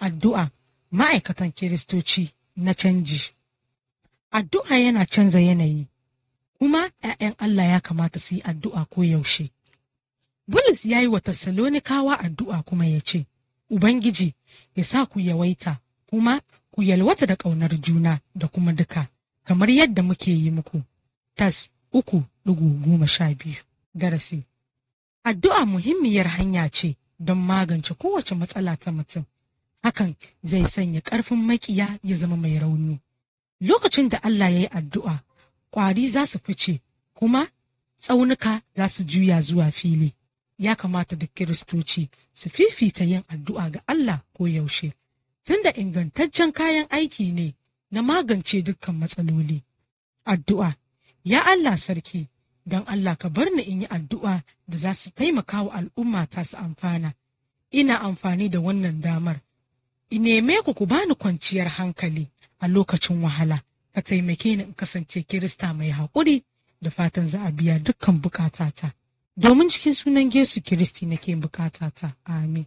Addu'a ma'aikatan Kiristoci na canji. Addu'a yana canza yanayi, kuma ‘ya'yan Allah ya kamata su yi addu'a ko yaushe. Bulus ya yi wa Tessalonikawa addu'a kuma ya ce, Ubangiji ya sa ku yawaita kuma ku yalwata da ƙaunar juna da kuma duka, kamar yadda muke yi muku. Tas uku ɗigo goma sha biyu. Darasi. Addu'a muhimmiyar hanya ce don magance kowace matsala ta mutum. hakan zai sanya ƙarfin makiya ya zama mai rauni lokacin da Allah ya yi addu'a ƙwari za su fice kuma tsaunuka za su juya zuwa fili ya kamata da kiristoci su fifita yin addu'a ga Allah ko yaushe tunda ingantaccen kayan aiki ne na magance dukkan matsaloli addu'a ya Allah sarki don Allah ka bar ni in yi addu'a da za su taimaka wa al'umma ta su amfana ina amfani da wannan damar neme ku ku bani kwanciyar hankali a lokacin wahala ka taimake ni in kasance kirista mai haƙuri da fatan za a biya dukkan bukatata domin cikin sunan yesu kiristi nake bukatata amin